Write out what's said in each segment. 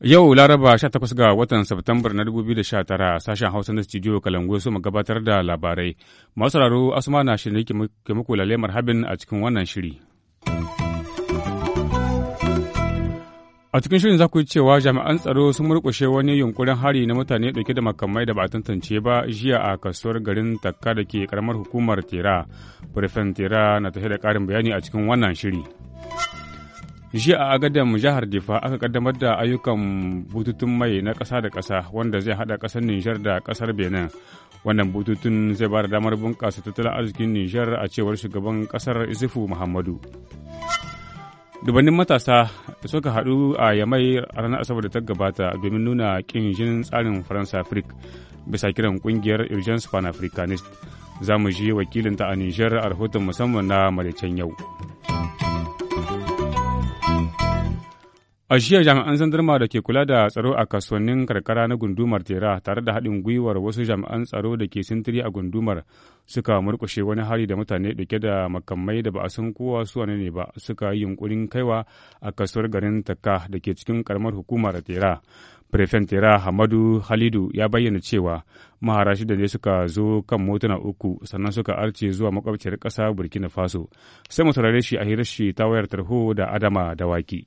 Yau Laraba 18 ga watan Satumbar na 2019 sashen Hausa na studio Kalangu su gabatar da labarai. Masu sauraro Asuma na shirin ke muku lalemar habin a cikin wannan shiri. A cikin shirin za ku yi cewa jami'an tsaro sun murƙushe wani yunkurin hari na mutane ɗauke da makamai da ba tantance ba jiya a kasuwar garin Takka da ke karamar hukumar Tera. Firfen Tera na tafi da ƙarin bayani a cikin wannan shiri. Jiya a agadan jihar Difa aka kaddamar da ayyukan bututun mai na ƙasa da ƙasa wanda zai haɗa ƙasar Nijar da ƙasar Benin. Wannan bututun zai ba da damar bunƙasa tattalin arzikin Nijar a cewar shugaban ƙasar Isufu Muhammadu. dubannin matasa suka haɗu a yamai a ranar asabar da ta gabata domin nuna ƙin jinin tsarin faransa afrik bisa kiran ƙungiyar urgence pan africanist za mu ji wakilinta a niger a rahoton musamman na maricen yau A jiya jami'an zandarma da ke kula da tsaro a kasuwannin karkara na gundumar tera tare da haɗin gwiwar wasu jami'an tsaro da ke sintiri a gundumar suka murkushe wani hari da mutane ɗauke da makamai da ba a san kowa su wane ne ba suka yi yunkurin kaiwa a kasuwar garin takka da ke cikin karamar hukumar tera. Prefen tera Hamadu Halidu ya bayyana cewa mahara shida ne suka zo kan motuna uku sannan suka arce zuwa makwabciyar ƙasa burkina faso sai mu saurare shi a hirar shi ta wayar tarho da adama da waki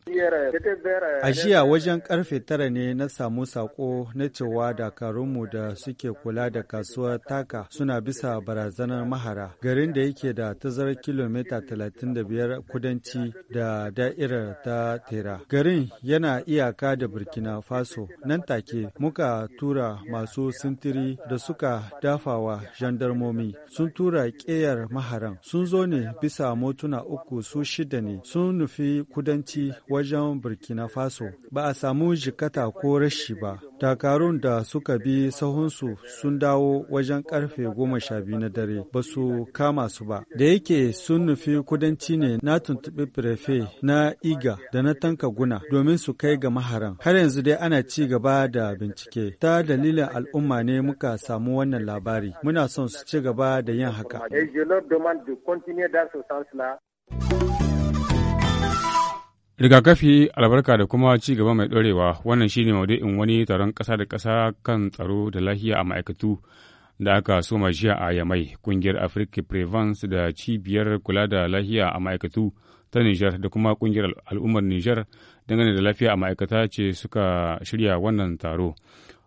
a jiya wajen karfe tara ne na samu sako na cewa dakarunmu da suke kula da kasuwar taka suna bisa barazanar mahara garin da yake da tazarar kilomita 35 kudanci da da'irar ta tera garin yana iyaka da burkina faso nan take muka tura masu sintiri da suka dafawa jandarmomi sun tura ƙeyar maharan sun zo ne bisa motuna uku su shida ne sun nufi kudanci wajen burkina faso ba a samu jikata ko rashi ba dakarun da suka bi sahunsu sun dawo wajen karfe goma sha biyu na dare ba su kama su ba da yake sun nufi kudanci ne na tuntuɓi prefe na iga da na tanka guna domin su kai ga maharan har yanzu dai ana ci gaba da bincike ta dalilin al'umma ne muka samu wannan labari muna son su ci gaba da yin haka rigakafi albarka da kuma ci gaba mai ɗorewa wannan shi shine maudu'in wani taron ƙasa da ƙasa kan tsaro da lahiya a ma'aikatu da aka soma jiya a yamai ƙungiyar afirka prevance da cibiyar kula da lahiya a ma'aikatu ta nijar da kuma ƙungiyar al'ummar nijar dangane da lafiya a ma'aikata ce suka shirya wannan taro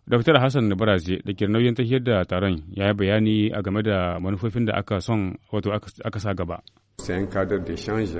Dr. Hassan Baraze da ke nauyin tafiyar da taron ya yi bayani a game da manufofin da aka son wato aka sa gaba.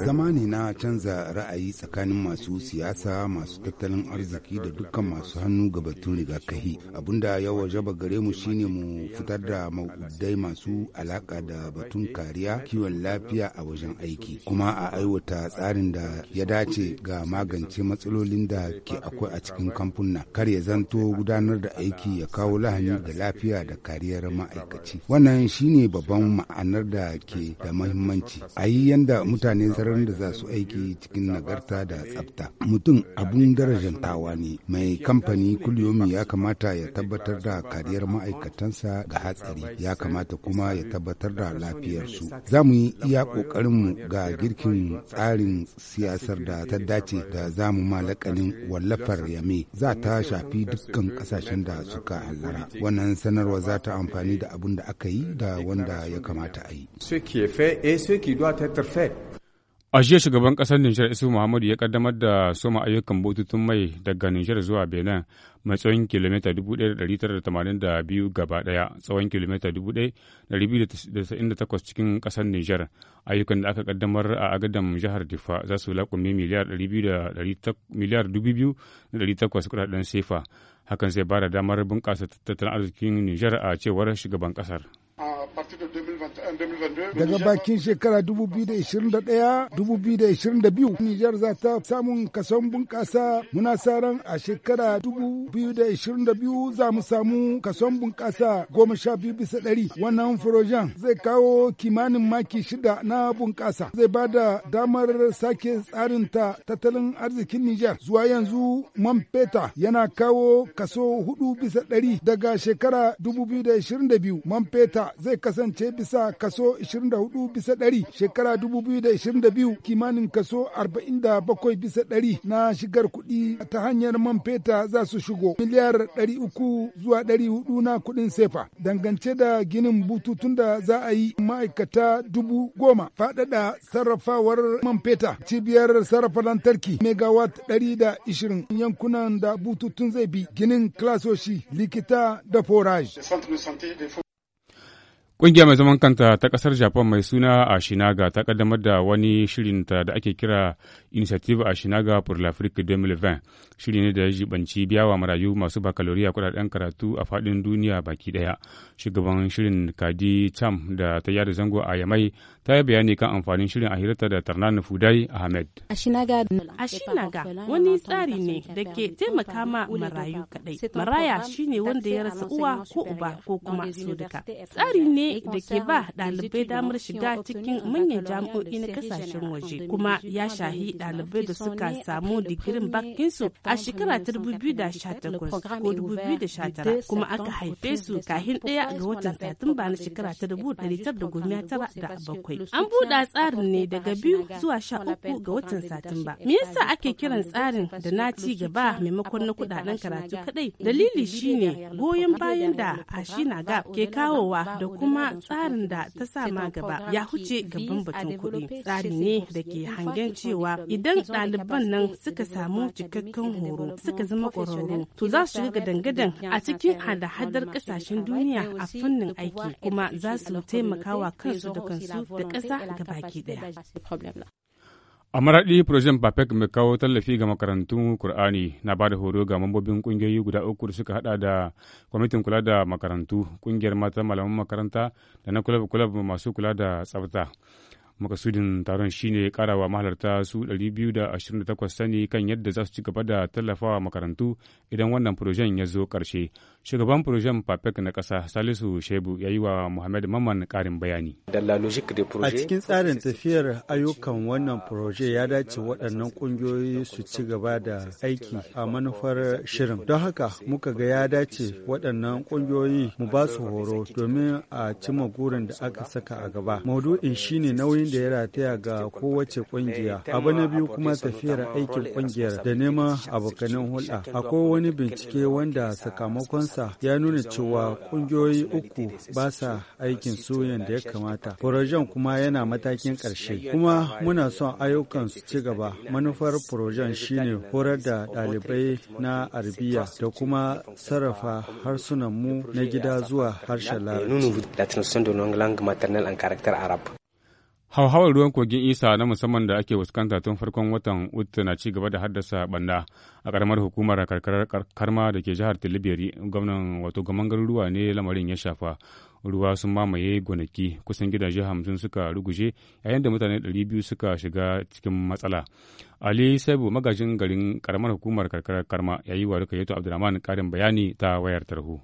Zama ne na canza ra'ayi tsakanin masu siyasa, masu tattalin arziki da dukkan masu hannu ga batun rigakahi Abinda ya wajaba gare mu shine mu fitar da maudai masu alaka da batun kariya kiwon lafiya a wajen aiki, kuma a aiwata tsarin da ya dace ga magance matsalolin da ke akwai a cikin kamfuna. Kar ya zanto gudanar da aiki ya kawo lahani ga lafiya da kariyar ma'aikaci. Wannan shine babban ma'anar da ke da mahimmanci. ayi yi yanda mutane sararin da za su aiki cikin nagarta da tsafta mutum abun darajantawa ne mai kamfani kuliyomi ya kamata ya tabbatar da kariyar ma'aikatansa ga hatsari ya kamata kuma ya tabbatar da lafiyarsu za mu yi iya ƙoƙarinmu ga girkin tsarin siyasar da ta dace da za mu malakalin wallafar yame za ta shafi dukkan ƙasashen da suka halara wannan sanarwa za ta amfani da abun da aka yi da wanda ya kamata a yi. A jiya shugaban kasar Nijar Isu Muhammadu ya kaddamar da soma ayyukan bututun mai daga Nijar zuwa Benin mai tsawon kilomita 1,982 gaba daya tsawon kilomita 1,298 cikin kasar Nijar. Ayyukan da aka kaddamar a agadam jihar Difa za su laƙumi miliyar 2,800 kudaden sefa. Hakan zai bada damar bunkasa tattalin arzikin Nijar a cewar shugaban ƙasar. partir de 2021-2022. Daga bakin shekara 2021-2022 Nijar za ta samun kason bunƙasa muna sa ran a shekara 2022 za mu samu kason bunƙasa goma sha biyu bisa ɗari wannan furojan zai kawo kimanin maki shida na bunƙasa zai ba da damar sake tsarin ta tattalin arzikin Nijar zuwa yanzu man feta yana kawo kaso hudu bisa ɗari daga shekara 2022 man feta zai kasance bisa kaso 24 bisa ɗari shekara 2022 kimanin kaso 47 bisa ɗari na shigar kuɗi ta hanyar man feta za su shigo miliyar 300 zuwa 400 na kuɗin sefa dangance da ginin bututun da za a yi ma'aikata dubu goma faɗaɗa sarrafawar man feta cibiyar sarrafa lantarki megawatt 120 yankunan da bututun zai bi ginin klasoshi likita da forage Ƙungiya mai zaman kanta ta ƙasar Japan mai suna Ashinaga ta ƙaddamar da wani shirin ta da ake kira Initiative Ashinaga pour l'Afrique 2020. Shiri ne da ya jibanci biyawa marayu masu bakaloriya kudaden karatu a faɗin duniya baki ɗaya. Shugaban shirin Kadi Cham da ta yada zango a Yamai ta yi bayani kan amfanin shirin a hirarta da Tarnan Fudai Ahmed. Ashinaga wani tsari ne da ke taimaka ma marayu kaɗai. Maraya shine wanda ya rasa uwa ko uba ko kuma so Tsari ne da ke ba ɗalibai damar shiga cikin manyan jami'o'i na kasashen waje kuma ya shahi ɗalibai da suka samu digirin bakinsu a shekara ta 2018 ko 2019 kuma aka haife su kahin ɗaya ga watan satumba na shekara ta 1997 an buɗa tsarin ne daga biyu zuwa sha uku ga watan satumba me yasa ake kiran tsarin da na ci gaba maimakon na kuɗaɗen karatu kaɗai dalili shine goyon bayan da na ga ke kawowa da kuma kuma tsarin da ta sama gaba ya huce gaban batun kuɗi tsari ne da ke hangen cewa idan ɗaliban nan suka samu cikakken horo suka zama ƙwararru to za su shiga gadangadan a cikin hada-hadar ƙasashen duniya a fannin aiki kuma za su taimakawa kansu da kansu da ƙasa gabaki ɗaya. a maraɗi projen bapec mai kawo tallafi ga makarantun kur'ani na ba da horo ga mambobin ƙungiyoyi guda uku da suka hada da kwamitin kula da makarantu ƙungiyar mata malaman makaranta da na kulab kulab masu kula da tsafta makasudin taron shine karawa mahalarta su 228 sani kan yadda za su ci gaba da tallafawa makarantu idan wannan furojen ya zo karshe shugaban furojen papek na ƙasa salisu shebu ya yi wa muhammad mamman karin bayani a cikin tsarin tafiyar ayyukan wannan furoje ya dace waɗannan ƙungiyoyi su ci gaba da aiki a manufar shirin don haka muka ga ya dace waɗannan ƙungiyoyi mu ba su horo domin a cimma gurin da aka saka a gaba maudu'in shine nauyin abin da ya rataya ga kowace kungiya abu na biyu kuma tafiyar aikin kungiyar da neman abokanin hulɗa akwai wani bincike wanda sakamakonsa ya nuna cewa kungiyoyi uku ba sa aikin su yadda ya kamata furojen kuma yana matakin ƙarshe kuma muna son ayyukan su ci gaba manufar furojen shine horar da ɗalibai na arabiya da kuma sarrafa harsunan mu na gida zuwa harshen larabci hauhawar ruwan kogin isa na musamman da ake fuskanta tun farkon watan uta na ci gaba da haddasa banda a karamar hukumar karkarar karma da ke jihar tilibiri gwamnan wato gaman garuruwa ne lamarin ya shafa ruwa sun mamaye gonaki kusan gidaje hamsin suka ruguje yayin da mutane ɗari biyu suka shiga cikin matsala ali saibu magajin garin karamar hukumar karkarar karma ya yi wa rukayeto abdulrahman karin bayani ta wayar tarho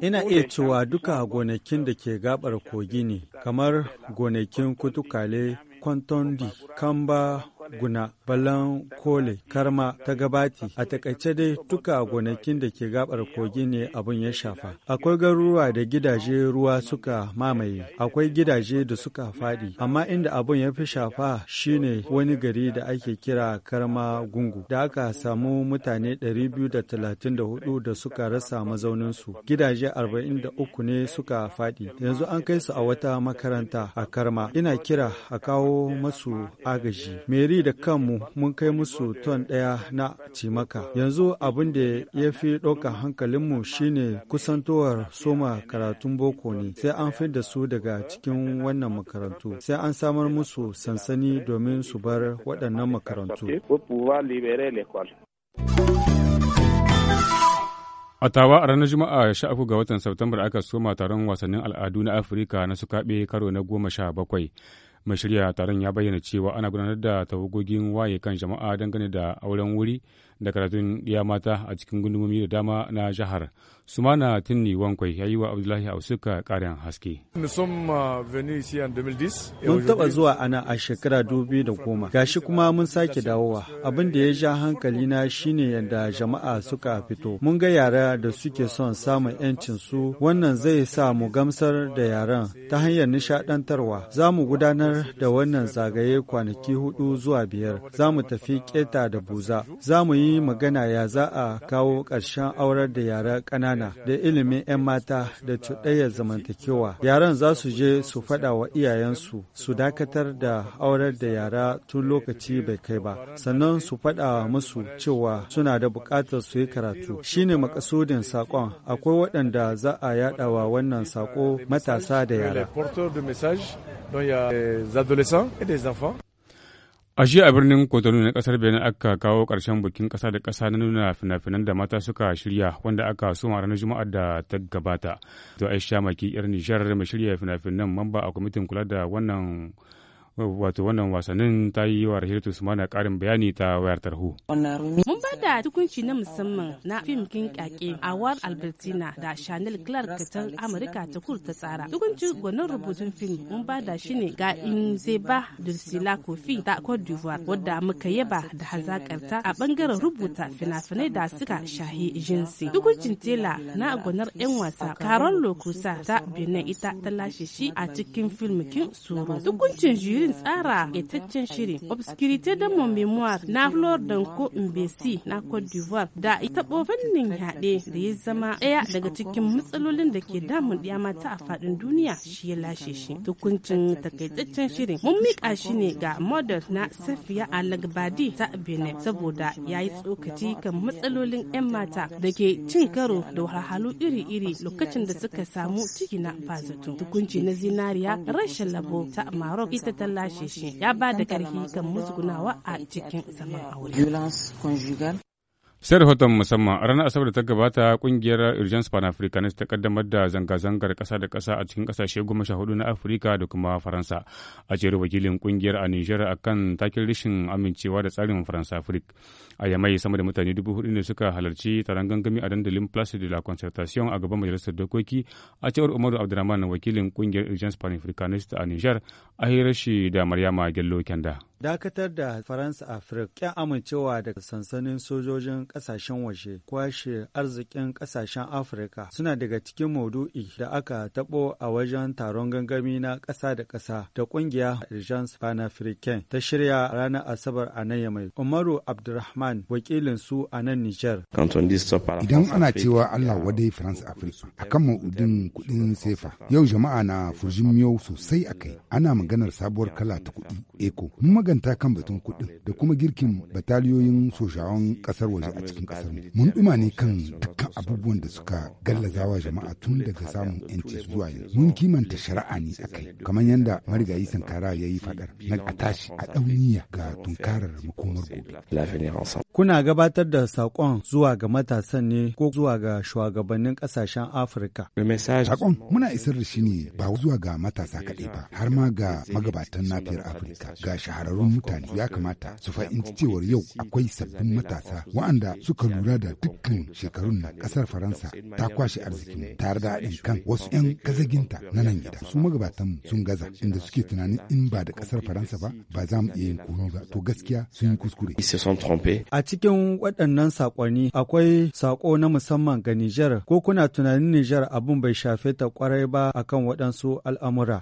Ina iya cewa duka gonakin da ke gabar kogi ne, kamar gonakin kutukale, kwantondi, kamba, guna, balan kole, karma, ta gabati. a takaice dai duka gonakin da ke gabar kogi ne abun ya shafa. Akwai garuruwa da gidaje ruwa suka mamaye, akwai gidaje da suka faɗi, amma inda abun ya fi shafa shine wani gari da ake kira karma gungu, da aka samu mutane 234 da suka rasa mazauninsu, gidaje 43 ne suka faɗi, yanzu an kai su a wata makaranta a karma. Ina kira a kawo masu agaji. Meri Mali da kanmu mun kai musu ton ɗaya na cimaka. Yanzu abin da ya fi ɗaukar hankalinmu shine kusantowar soma karatun boko ne, sai an fi da su daga cikin wannan makarantu, sai an samar musu sansani domin su bar waɗannan makarantu. A tawa a ranar Juma'a sha uku ga watan Satumbar aka soma taron wasannin al'adu na Afirka na sukaɓe karo na goma sha bakwai. mai shirya taron ya bayyana cewa ana gudanar da tawagogin waye kan jama'a dangane da auren wuri da karatun ɗiya mata a cikin gundumomi da dama na jihar sumana tinni wankwai ya yi wa abdullahi ausuka karin haske euh, mun taɓa zuwa ana a shekara dubi da goma gashi kuma mun sake dawowa abin da ya ja hankali na shine yadda jama'a suka fito mun ga yara da suke son samun 'yancin su wannan zai sa mu gamsar da yaran ta hanyar nishaɗantarwa za mu gudanar da wannan zagaye kwanaki hudu zuwa biyar za mu tafi keta da buza za mu yi yi magana ya za a kawo ƙarshen aurar da yara ƙanana da ilimin 'yan mata da cuɗayyar zamantakewa. Yaran za su je su faɗa wa iyayensu su dakatar da aurar da yara tun lokaci bai kai ba, sannan su faɗa musu cewa suna da buƙatar su yi karatu. Shine makasudin saƙon akwai waɗanda za a wa wannan saƙo matasa da yara. A shi a birnin Kotonu na kasar Benin aka kawo ƙarshen bikin ƙasa da ƙasa na nuna fina-finan da mata suka shirya wanda aka so ma ranar Juma'ar da ta gabata. To Aisha Maki yar Nijar mai shirya fina-finan mamba a kwamitin kula da wannan wato wannan wasannin ta yi wa rahilatu sumana karin bayani ta wayar tarho. Mun ba da tukunci na musamman na fim kin a war Albertina da Chanel Clark ta Amurka ta kur ta tsara. Tukunci gwanin rubutun fim mun ba da shi ne ga in zeba Dursila Kofi da Cote d'Ivoire wadda muka yaba da hazakarta a bangaren rubuta fina-finai da suka shahi jinsi. Tukuncin tela na gwanar 'yan wasa Carol Lokusa ta Benin ita ta lashe shi a cikin kin Soro. Tukuncin jiri shirin tsara gaitaccen shiri obscurité de mon mémoire na flor ko mbesi na cote d'ivoire da ita fannin yaɗe da ya zama ɗaya daga cikin matsalolin da ke damun ɗiya mata a faɗin duniya shi ya lashe shi hukuncin takaitaccen shiri mun mika shi ne ga model na safiya alagbadi ta benin saboda ya yi tsokaci kan matsalolin 'yan mata da ke cin karo da wahalhalu iri-iri lokacin da suka samu ciki na fazatu hukunci na zinariya rashin labo ta maroc ita ta lashe shi ya ba da karfi kan musgunawa a cikin zaman aure sai rahoton musamman a ranar asabar da ta gabata kungiyar urgence pan panafricanist ta kaddamar da zanga-zangar kasa da kasa a cikin kasashe goma sha hudu na afirka da kuma faransa a wakilin kungiyar a niger kan takin rashin amincewa da tsarin faransa afirka a yamai sama da mutane dubu hudu ne suka halarci taron gangami a dandalin place de la concertation a gaban majalisar dokoki a cewar umaru abdulrahman wakilin kungiyar urgence pan panafricanist a niger a hirar shi da maryama gello kenda. Dakatar da Faransa Afirka kyan amincewa da sansanin sojojin ƙasashen waje kwashe arzikin ƙasashen Afirka suna daga cikin maudu'i da aka tabo a wajen taron gangami na kasa da kasa da ƙungiya Agence pan ta shirya ranar Asabar a nan Yamai. Umaru Abdulrahman wakilin su a nan Nijar. Idan ana cewa Allah wadai faransa Afirka akan maudin kudin sefa yau jama'a na furjin miyau sosai akai ana maganar sabuwar kala ta kuɗi eko. maganta kan batun kuɗin da kuma girkin bataliyoyin sojawan kasar waje a cikin ƙasar mu. Mun duma ne kan dukkan abubuwan da suka gallazawa jama'a tun daga samun yanci zuwa yanzu. Mun kimanta shari'a ne a kai kamar yadda marigayi Sankara ya yi faɗar na a tashi a ɗauniya ga tunkarar makomar gobe. Kuna gabatar da saƙon zuwa ga matasan ne ko zuwa ga shugabannin ƙasashen Afirka. Saƙon muna isar da shi ne ba zuwa ga matasa kaɗai ba, har ma ga magabatan nafiyar Afirka ga shahararrun mutane ya kamata su fahimci cewar yau akwai sabbin matasa waɗanda suka lura da dukkan shekarun na ƙasar Faransa ta kwashe arzikin tare da haɗin kan wasu 'yan gazaginta na nan gida. Su magabatan sun gaza inda suke tunanin in ba da ƙasar Faransa ba ba za mu iya yin komi ba to gaskiya sun yi kuskure. cikin waɗannan saƙonni akwai saƙo na musamman ga Nijar ko kuna tunanin Nijar abin bai shafe ta kwarai ba akan waɗansu al'amura.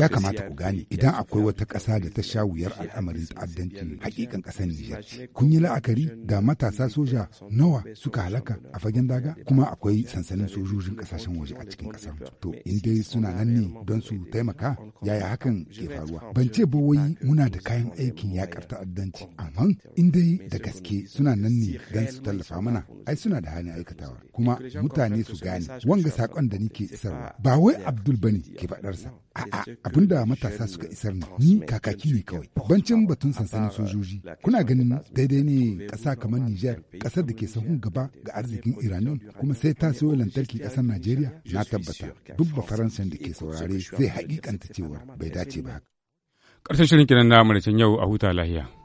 Ya kamata ku gane idan akwai wata ƙasa da ta sha wuyar al'amarin ta'addanci hakikan ƙasar Nijar. Kun yi la'akari euh, da matasa soja nawa suka halaka a fagen daga euh, kuma akwai sansanin sojojin ƙasashen waje a cikin ƙasar. To in dai suna nan ne don su taimaka yaya hakan ke faruwa. Ban ce ba wai muna da kayan aikin yaƙar ta'addanci amma in dai da gaske gaske suna nan ne don su tallafa mana ai suna da hani aikatawa kuma mutane su gane wanga sakon da nike isarwa ba wai abdul bane ke faɗarsa a'a abin da matasa suka isar ne ni kakaki ne kawai bancin batun sansanin sojoji kuna ganin daidai ne ƙasa kamar niger ƙasar da ke sahun gaba ga arzikin iranian kuma sai ta sayo lantarki ƙasar najeriya na tabbata duk ba faransan da ke saurare zai haƙiƙanta cewa bai dace ba ƙarshen shirin kiran na yau a huta lahiya